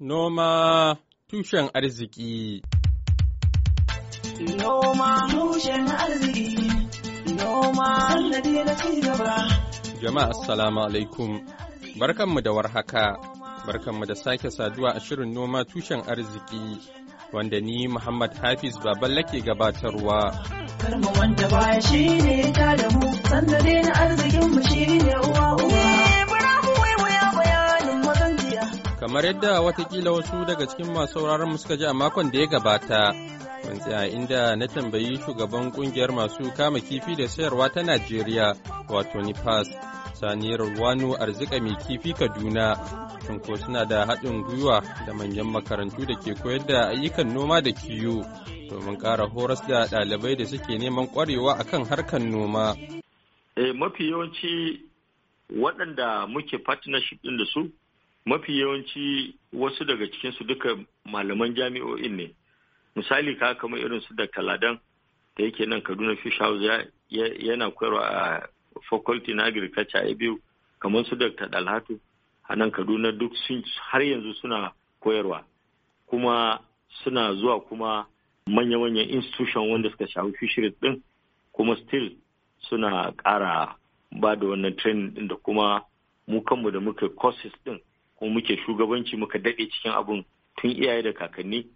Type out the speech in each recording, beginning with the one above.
Noma tushen arziki Noma tushen arziki Noma sannadi na Jama'a assalamu alaikum barkanmu da warhaka barkanmu da sake saduwa a shirin noma tushen arziki wanda ni Muhammad Hafiz baban lake gabatarwa. Karma wanda baya shi ne ta da mu sannadi na arzikinmu shi ne uwa uwa. Kamar yadda watakila wasu daga cikin masu sauraron mu suka ji a makon da ya gabata, mun tsaya inda na tambayi shugaban kungiyar masu kama kifi da sayarwa ta Najeriya, wato Nifas, saniyar Wanu Arzika mai kifi Kaduna, sun ko suna da haɗin gwiwa da manyan makarantu da ke koyar da ayyukan noma da kiyo, domin ƙara horas da ɗalibai da suke neman ƙwarewa akan harkan noma. Eh mafi yawanci waɗanda muke partnership ɗin da su mafi yawanci wasu daga cikinsu duka malaman jami'o'in ne misali ka kamar irin su da kaladan da yake nan kaduna fish house yana koyarwa a faculty na agriculture a biyu kamar su dr dalhatu a nan kaduna duk sun har yanzu suna koyarwa kuma suna zuwa kuma manya-manyan institution wanda suka shafi fisheries din kuma still suna ƙara ba da wannan training din da kuma mu kanmu da muka courses din kuma muke shugabanci muka daɗe cikin abun tun iyaye da kakanni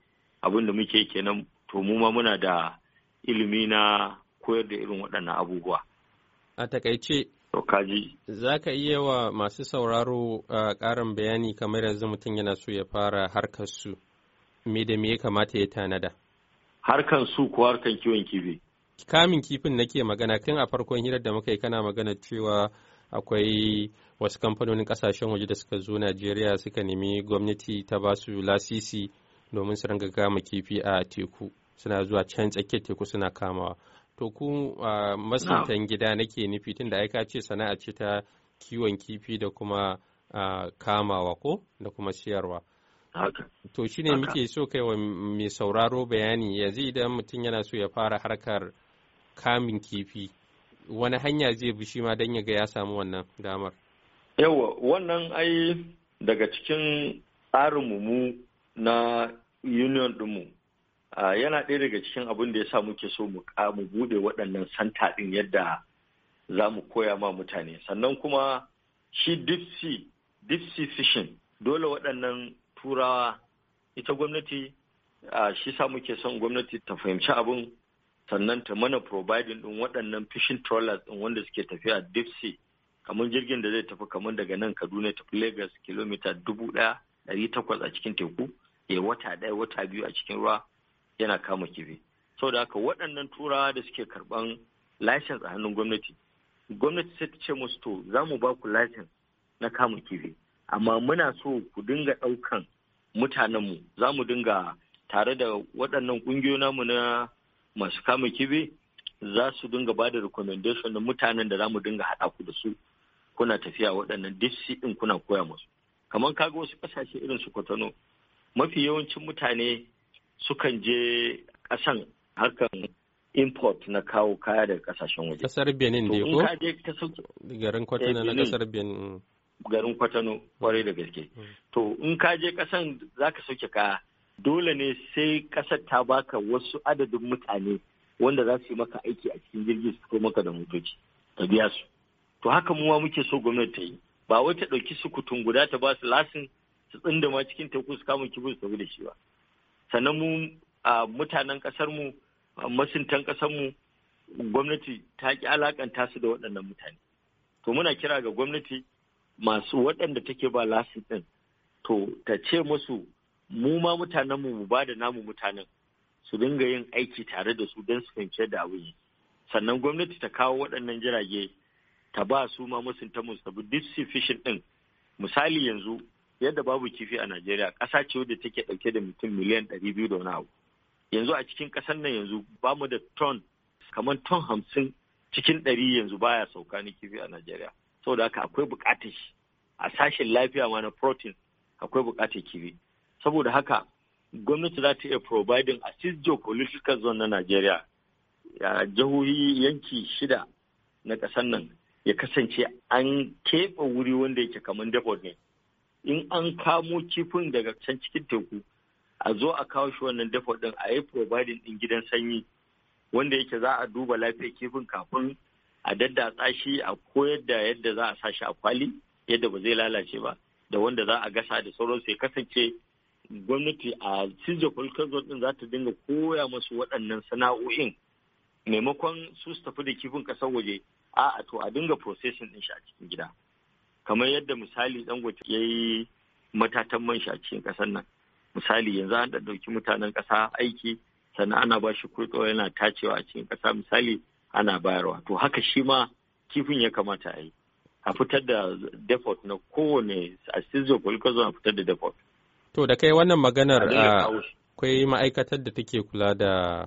abun da muke kenan to mu ma muna da ilimi na koyar da irin waɗannan abubuwa. A takaice, za ka iya wa masu sauraro ƙarin bayani kamar yanzu mutum yana so ya fara harkar su, me da me ya kamata ya tanada? Harkar su ko harkar kiwon kifi. Kamin kifin nake magana tun a farkon hirar da muka yi kana magana cewa akwai wasu kamfanonin kasashen waje da suka zo najeriya suka nemi gwamnati ta ba su lasisi domin su ranga gama kifi a teku suna zuwa can tsakiyar teku suna kamawa to ku masuntan gida nake nufi tunda ai ka ce sana'a ce ta kiwon kifi da kuma kamawa ko da kuma siyarwa to shine muke so kai wa mai sauraro bayani yanzu idan mutum yana so ya fara harkar kamin kifi wani hanya zai bi shi ma don ya ga ya samu wannan damar yawa wannan ai daga cikin tsarin mu na union dinmu yana ɗaya daga cikin abin da ya sa muke so mu buɗe waɗannan santa ɗin yadda za mu koya ma mutane sannan kuma shi deep sea deep sea fishing dole waɗannan turawa ita gwamnati shi sa muke son gwamnati ta fahimci abin sannan ta mana providing din waɗannan fishing trawlers din wanda suke tafiya a deep sea kamar jirgin da zai tafi kamar daga nan kaduna tafi lagos kilomita dubu ɗaya takwas a cikin teku ya wata ɗaya wata biyu a cikin ruwa yana kama kifi saboda haka waɗannan turawa da suke karɓan license a hannun gwamnati gwamnati sai ta ce musu to za mu ba ku license na kama kifi amma muna so ku dinga ɗaukan mutanenmu za mu dinga tare da waɗannan ƙungiyoyi namu na masu kama kibi za su dinga ba da recommendation na mutanen da za mu dinga haɗa ku da su kuna tafiya waɗannan dc ɗin kuna koya musu kamar kaga wasu ƙasashe irin su kwatano mafi yawancin mutane sukan je ƙasan harkan import na kawo kaya daga ƙasashen waje ƙasar benin da ko garin kwatano na eh, ƙasar benin garin kwatano kwarai da gaske mm. to in ka je ƙasan za ka sauke kaya dole ne sai ƙasar ta baka wasu adadin mutane wanda za su yi maka aiki a cikin jirgin su ko maka da motoci ta biya su to haka muwa muke so gwamnati ta yi ba wai ta ɗauki sukutun guda ta ba su lasin su ma cikin teku su kama kibin su tafi da shi ba sannan mu a mutanen ƙasar mu masuntan ƙasar mu gwamnati ta ki alakanta su da waɗannan mutane to muna kira ga gwamnati masu waɗanda take ba lasin ɗin to ta ce musu mu ma mutanen mu ba da namu mutanen su dinga yin aiki tare da su don su fahimci da abu yi sannan gwamnati ta kawo waɗannan jirage ta ba su ma musunta musabu duk fishin din misali yanzu yadda babu kifi a Najeriya ƙasa ce wadda take ɗauke da mutum miliyan ɗari biyu da wani abu yanzu a cikin ƙasar nan yanzu ba mu da ton kamar ton hamsin cikin ɗari yanzu baya sauka ni kifi a Najeriya saboda haka akwai buƙatar shi a sashen lafiya ma na protein akwai buƙatar kifi saboda haka gwamnati za ta iya providing a six geopolitical zone na Najeriya ya jihohi yanki shida na ƙasar nan ya kasance an keɓe wuri wanda yake kamar depot ne in an kamo kifin daga can cikin teku a zo a kawo shi wannan depot din a yi providing din gidan sanyi wanda yake za a duba lafiyar kifin kafin a daddatsa shi a koyar da yadda za a sa shi a kwali yadda ba zai lalace ba da wanda za a gasa da sauransu ya kasance gwamnati a cije kwalkazon din za ta dinga koya masu waɗannan sana'o'in maimakon su su tafi da kifin ƙasar waje a to a dinga processing din shi a cikin gida kamar yadda misali dangote ya yi matatan man shi a cikin ƙasar nan misali yanzu an da ɗauki mutanen ƙasa aiki sannan ana ba shi kurɗo yana tacewa a cikin ƙasa misali ana bayarwa to haka shi ma kifin ya kamata a yi a fitar da default na kowane a sizo kwalkwazon a fitar da default To da kai wannan maganar ah, akwai ma'aikatar da take kula da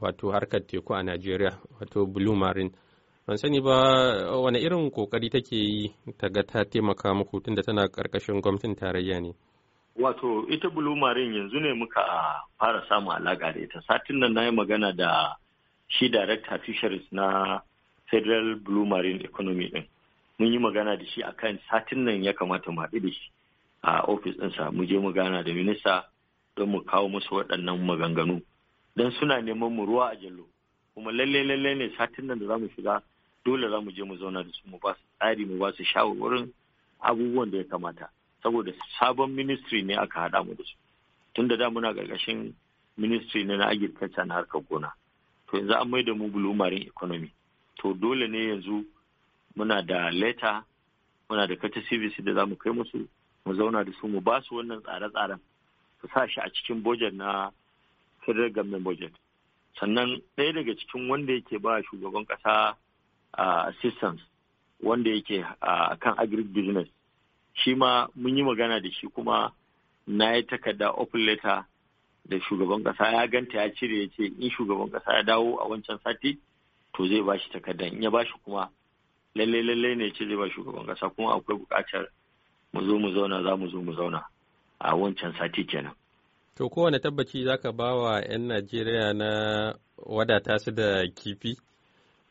wato harkar teku a Najeriya wato Blue Marine. Ban sani ba wani irin kokari take yi ta ga ta taimaka muku tunda tana karkashin gwamnatin tarayya ne. Wato ita Blue Marine yanzu ne muka ah, fara samun alaka da ita. Satin nan na yi magana da shi Director Fisheries na Federal Blue Marine Economy din. Mun yi magana da shi akan satin nan ya kamata mu haɗu da shi. a ofis ɗinsa mu je mu gana da minista don mu kawo musu waɗannan maganganu don suna neman mu ruwa a jallo kuma lalle lalle ne satin nan da za mu shiga dole za mu je mu zauna da su mu ba su tsari mu ba su shawarwarin abubuwan da ya kamata saboda sabon ministry ne aka haɗa mu da su tun da da muna ƙarƙashin ministry ne na agriculture na harkar gona to yanzu an maida mu bulumarin marine economy to dole ne yanzu muna da leta muna da kata cvc da za mu kai musu mu zauna da su mu ba su wannan tsare-tsaren su sa shi a cikin budget na federal government budget sannan ɗaya daga cikin wanda yake ba shugaban ƙasa assistance wanda yake a kan agric business shi ma mun yi magana da shi kuma na yi takarda open letter da shugaban ƙasa ya ganta ya cire ya ce in shugaban ƙasa ya dawo a wancan sati to zai ba shi takarda in ya ba shi kuma lalle lalle ne ce zai ba shugaban ƙasa kuma akwai buƙatar mu zo mu zauna za mu zo mu zauna a wancan sati kenan to kowane tabbaci za ka ba wa 'yan najeriya na wadata su da kifi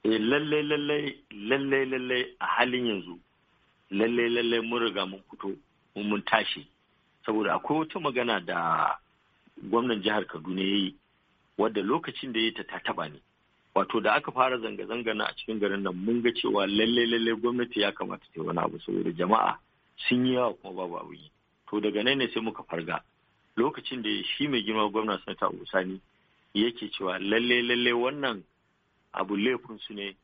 eh lallai lallai lallai lallai a halin yanzu lallai lallai mun riga mun fito mun tashi saboda akwai wata magana da gwamnan jihar kaduna yayi yi wadda lokacin da yayi ta taɓa ne wato da aka fara zanga-zanga na a cikin garin nan mun ga cewa lallai-lallai, gwamnati ya kamata ta yi wani abu saboda jama'a sun yi yawa kuma babu abu yi to daga nan ne sai muka farga lokacin da shi mai girma gwamna sanata usani yake cewa lalle lalle wannan abu laifin su ne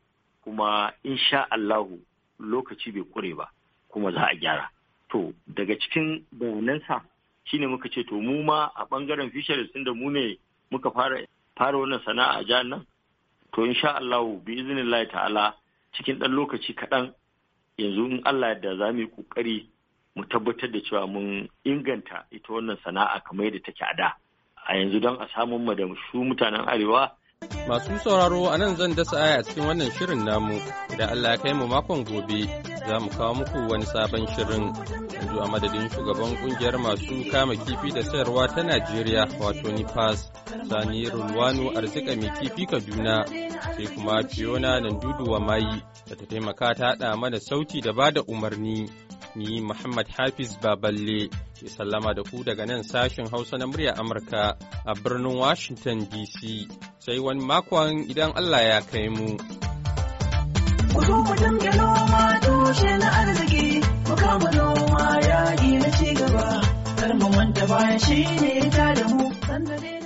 kuma insha Allahu lokaci bai kure ba kuma za a gyara to daga cikin bayanansa shine muka ce to mu ma a bangaren fisheries tunda mu ne muka fara fara wannan sana'a a jihar nan to insha Allahu bi iznillahi ta'ala cikin dan lokaci kaɗan yanzu in Allah da za mu yi kokari mu tabbatar da cewa mun inganta ita wannan sana'a kamar yadda take a da a yanzu don a samun mu da su mutanen arewa Masu sauraro a nan zan dasa aya cikin wannan shirin namu idan Allah ya kai mu makon gobe za mu kawo muku wani sabon shirin yanzu a madadin shugaban kungiyar masu kama kifi da sayarwa ta Najeriya wato Nipas, Sani Rulwanu Arzika mai kifi Kaduna sai kuma Fiona Nandudu wa Mayi da ta taimaka ta haɗa mana sauti da bada umarni. ni Muhammad Hafiz Baballe ke sallama da ku daga nan sashen Hausa na murya Amurka a birnin Washington DC sai wani makon idan Allah ya kai mu. noma na Kar mu manta baya shi ne ta da mu